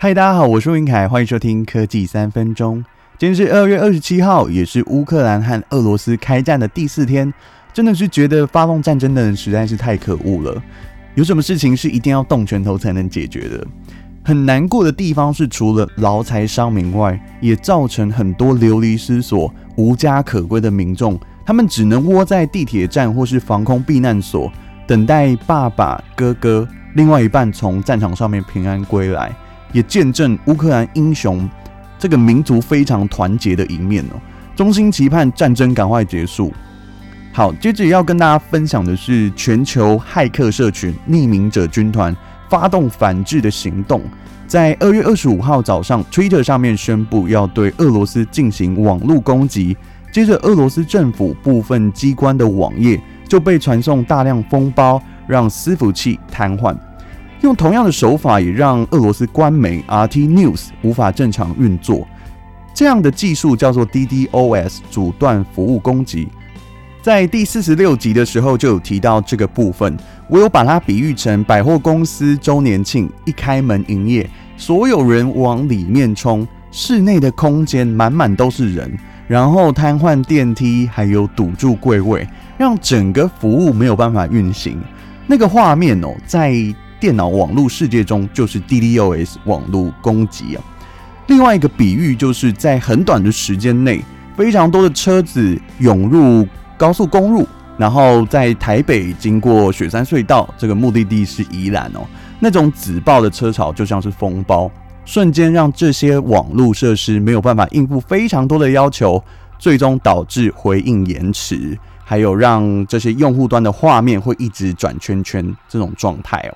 嗨，大家好，我是雲凱，歡迎收聽科技三分鐘。今天是二月二十七號，也是烏克蘭和俄羅斯開戰的第四天。真的是覺得發動戰爭的人實在是太可惡了。有什麼事情是一定要動拳頭才能解決的？很難過的地方是，除了勞財傷民外，也造成很多流離失所、無家可歸的民眾。他們只能窩在地鐵站或是防空避難所，等待爸爸、哥哥、另外一半從戰場上面平安歸來。也見證烏克蘭英雄這個民族非常團結的一面哦、喔，衷心期盼戰爭趕快結束。好，接着要跟大家分享的是，全球駭客社群匿名者軍團發動反制的行動，在二月二十五號早上，Twitter 上面宣布要對俄羅斯進行網路攻擊，接着俄羅斯政府部分機關的網頁就被傳送大量封包，讓伺服器癱瘓。用同樣的手法，也讓俄羅斯官媒 RT News 無法正常運作。這樣的技術叫做 DDoS 阻斷服務攻擊。在第四十六集的時候就有提到這個部分，我有把它比喻成百貨公司周年慶一開門營業，所有人往裡面衝，室內的空間滿滿都是人，然後癱瘓電梯，還有堵住櫃位，讓整個服務沒有辦法運行。那個畫面哦、喔，在電腦網絡世界中就是 DDoS 網絡攻擊啊。另外一個比喻就是在很短的時間內，非常多的車子湧入高速公路，然後在台北經過雪山隧道，這個目的地是宜蘭哦。那種紫爆的車潮就像是封包，瞬間讓這些網絡設施沒有辦法應付非常多的要求，最終導致回應延遲，還有讓這些用戶端的畫面會一直轉圈圈這種狀態哦。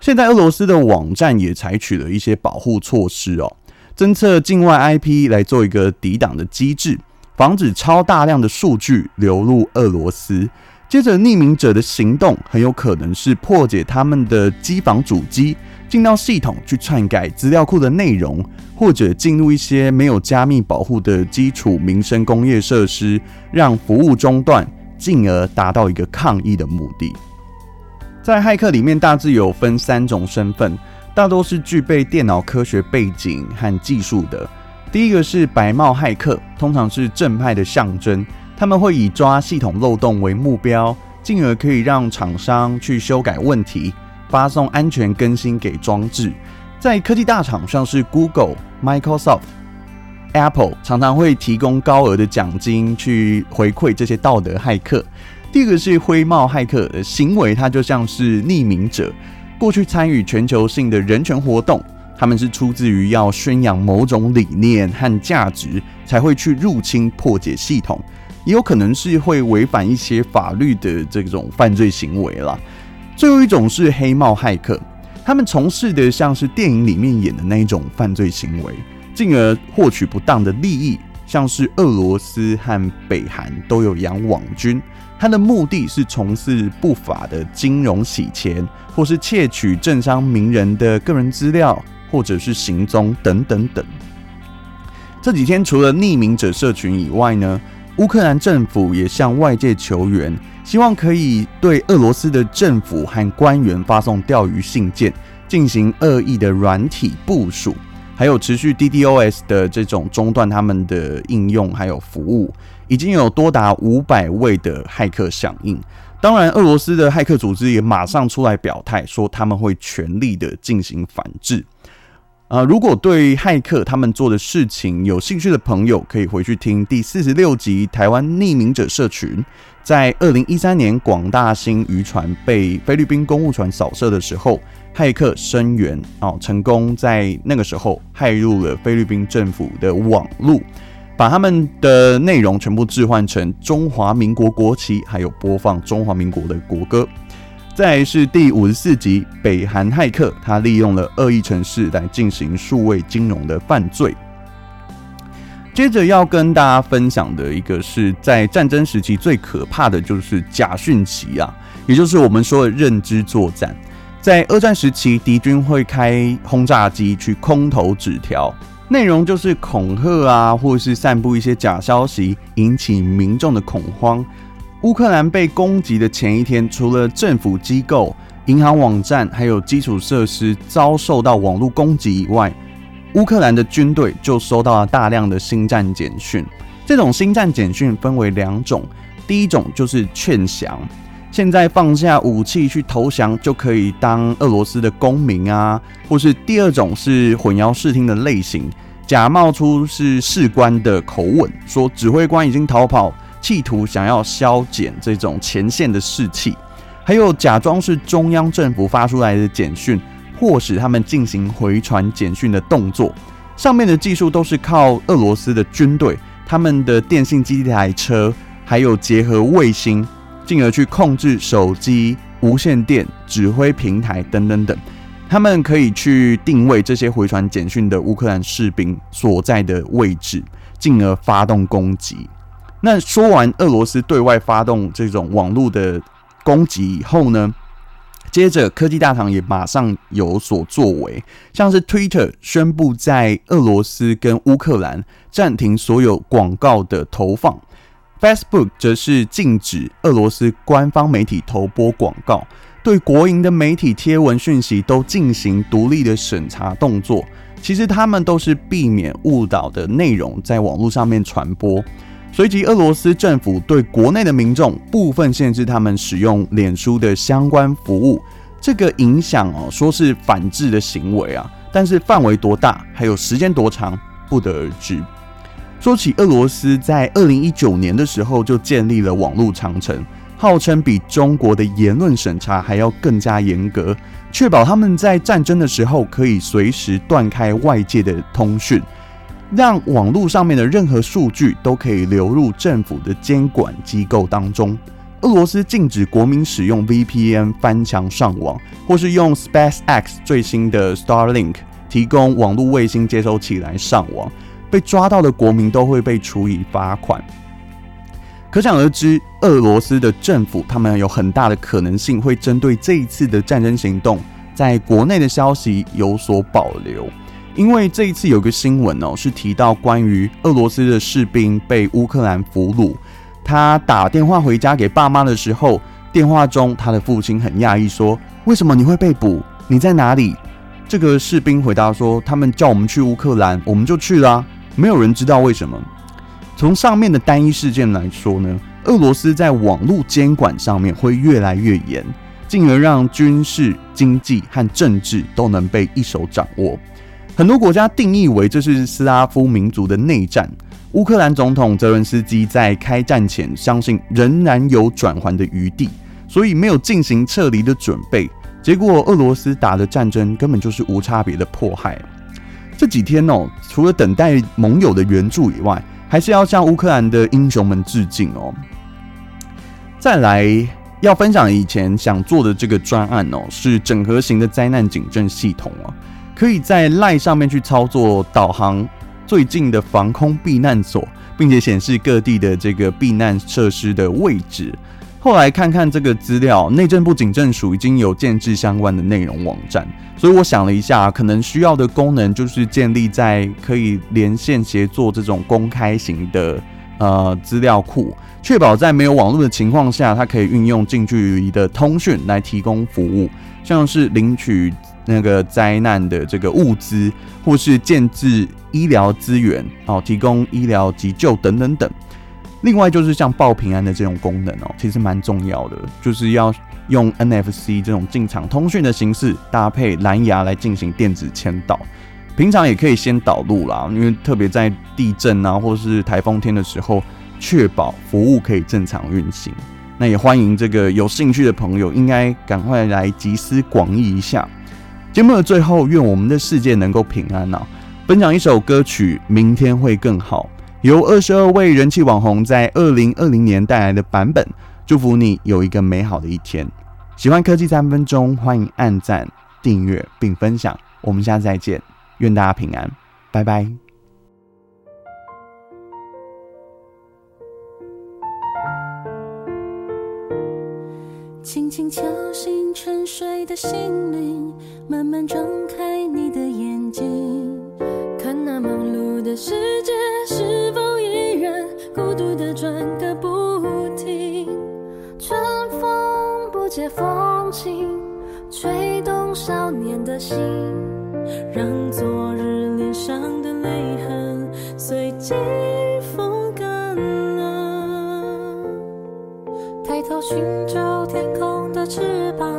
現在俄羅斯的網站也採取了一些保護措施哦，偵測境外 IP 來做一個抵擋的機制，防止超大量的數據流入俄羅斯。接着，匿名者的行動很有可能是破解他們的機房主機，進到系統去篡改資料庫的內容，或者進入一些沒有加密保護的基礎民生工業設施，讓服務中斷，進而達到一個抗議的目的。在駭客裡面，大致有分三種身份，大多是具備電腦科學背景和技術的。第一個是白帽駭客，通常是正派的象徵，他們會以抓系統漏洞為目標，進而可以讓廠商去修改問題，發送安全更新給裝置。在科技大廠，像是 Google、Microsoft、Apple，常常會提供高額的獎金去回饋這些道德駭客。第一個是灰帽駭客的行為，他就像是匿名者，過去參與全球性的人權活動，他們是出自於要宣揚某種理念和價值，才會去入侵破解系統，也有可能是會違反一些法律的這種犯罪行為啦。最後一種是黑帽駭客，他們從事的像是電影裡面演的那一種犯罪行為，進而獲取不當的利益。像是俄羅斯和北韓都有養網軍，它的目的是從事不法的金融洗錢，或是竊取政商名人的個人資料或者是行蹤等等等。這幾天除了匿名者社群以外呢，烏克蘭政府也向外界求援，希望可以對俄羅斯的政府和官員發送釣魚信件，進行惡意的軟體部署。還有持續 DDoS 的這種中斷，他們的應用還有服務，已經有多達五百位的駭客響應。當然，俄羅斯的駭客組織也馬上出來表態，說他們會全力的進行反制。啊、呃，如果對駭客他們做的事情有興趣的朋友，可以回去聽第四十六集《台灣匿名者社群》。在二零一三年，廣大興漁船被菲律賓公務船掃射的時候，駭客聲援，哦、呃，成功在那個時候駭入了菲律賓政府的網路，把他們的內容全部置換成中華民國國旗，還有播放中華民國的國歌。再來是第五十四集《北韓駭客》，他利用了惡意城市來進行數位金融的犯罪。接着要跟大家分享的一個是，是在戰爭時期最可怕的就是假訊息啊，也就是我們說的認知作戰。在二戰時期，敵軍會開轟炸機去空投紙條，內容就是恐嚇啊，或是散布一些假消息，引起民眾的恐慌。烏克蘭被攻擊的前一天，除了政府機構、銀行網站還有基礎設施遭受到網絡攻擊以外，烏克蘭的軍隊就收到了大量的心戰簡訊。這種心戰簡訊分為兩種，第一種就是勸降，現在放下武器去投降就可以當俄羅斯的公民啊；或是第二種是混淆視聽的類型，假冒出是士官的口吻，說指揮官已經逃跑。企圖想要削減這種前線的士氣，還有假裝是中央政府發出來的簡訊，迫使他們進行回傳簡訊的動作。上面的技術都是靠俄羅斯的軍隊，他們的電信基地台車，還有結合衛星，進而去控制手機、無線電、指揮平台等等等。他們可以去定位這些回傳簡訊的烏克蘭士兵所在的位置，進而發動攻擊。那說完俄羅斯對外發動這種網絡的攻擊以後呢，接着科技大廠也馬上有所作為，像是 Twitter 宣布在俄羅斯跟烏克蘭暫停所有廣告的投放，Facebook 則是禁止俄羅斯官方媒體投播廣告，對國營的媒體貼文訊息都進行獨立的審查動作。其實他們都是避免誤導的內容在網絡上面傳播。隨即，俄羅斯政府對國內的民眾部分限制他們使用臉書的相關服務，這個影響哦，說是反制的行為啊，但是範圍多大，還有時間多長，不得而知。說起俄羅斯，在二零一九年的時候就建立了網路長城，號稱比中國的言論審查還要更加嚴格，確保他們在戰爭的時候可以隨時斷開外界的通訊。讓網絡上面的任何數據都可以流入政府的監管機構當中。俄羅斯禁止國民使用 VPN 翻牆上網，或是用 SpaceX 最新的 Starlink 提供網絡衛星接收器來上網。被抓到的國民都會被處以罰款。可想而知，俄羅斯的政府他們有很大的可能性會針對這一次的戰爭行動，在國內的消息有所保留。因為這一次有一個新聞哦，是提到關於俄羅斯的士兵被烏克蘭俘虜。他打電話回家給爸媽的時候，電話中他的父親很訝異，說：“為什麼你會被捕？你在哪裡？”這個士兵回答說：“他們叫我們去烏克蘭，我們就去啦、啊。」沒有人知道為什麼。”從上面的單一事件來說呢，俄羅斯在網絡監管上面會越來越嚴，進而讓軍事、經濟和政治都能被一手掌握。很多國家定義為這是斯拉夫民族的內戰。烏克蘭總統澤倫斯基在開戰前相信仍然有轉圜的餘地，所以沒有進行撤離的準備。結果俄羅斯打的戰爭根本就是無差別的迫害。這幾天哦，除了等待盟友的援助以外，還是要向烏克蘭的英雄們致敬哦。再來要分享以前想做的這個專案哦，是整合型的災難警政系統哦。可以在 LINE 上面去操作導航最近的防空避難所，並且顯示各地的這個避難設施的位置。後來看看這個資料，內政部警政署已經有建置相關的內容網站，所以我想了一下，可能需要的功能就是建立在可以連線協作這種公開型的呃資料庫。確保在沒有網絡的情況下，它可以運用近距離的通訊來提供服務，像是領取那個災難的這個物資，或是建置醫療資源哦，提供醫療急救等等等。另外就是像報平安的這種功能哦，其實蠻重要的，就是要用 NFC 這種近場通訊的形式搭配藍牙來進行電子簽到。平常也可以先導入啦，因為特別在地震啊或是台風天的時候。確保服務可以正常運行。那也歡迎這個有興趣的朋友，應該趕快來集思廣益一下。節目的最後，願我們的世界能夠平安哦。分享一首歌曲《明天會更好》，由二十二位人氣網紅在二零二零年帶來的版本，祝福你有一個美好的一天。喜歡科技三分鐘，歡迎按讚、訂閱並分享。我們下次再見，願大家平安，拜拜。水的心靈，慢慢張開你的眼睛，看那忙碌的世界是否依然孤獨的轉個不停。春風不解風情，吹動少年的心，讓昨日臉上的淚痕隨記憶風乾了。抬頭尋找天空的翅膀。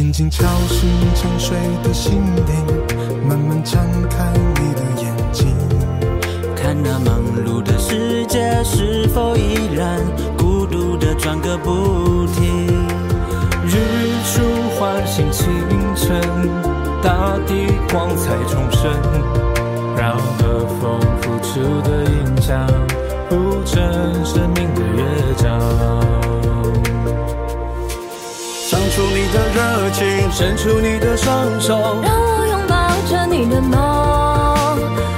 輕輕敲醒沉睡的心靈，慢慢張開你的眼睛，看那忙碌的世界是否依然孤獨的轉個不停。日出喚醒清晨，大地光彩重生，讓和風拂出的音響譜成生命的樂章。出你的熱情，伸出你的雙手，讓我擁抱着你的夢。